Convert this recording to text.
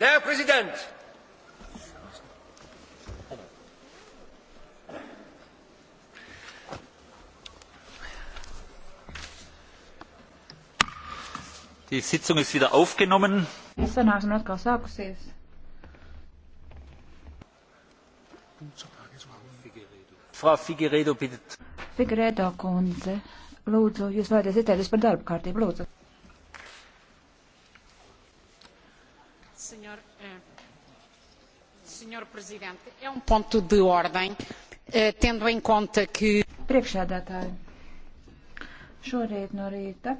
Der Präsident! Die Sitzung ist wieder aufgenommen. Sanāksim atkal sākusies. Frau Figueredo, bitte. Figueredo kundze, lūdzu, jūs vēlaties ieteikties par darba kārtību, lūdzu. Senhor, eh, senhor Presidente, é um ponto de ordem, eh, tendo em conta que. Priekšādātāji, šorīt no rīta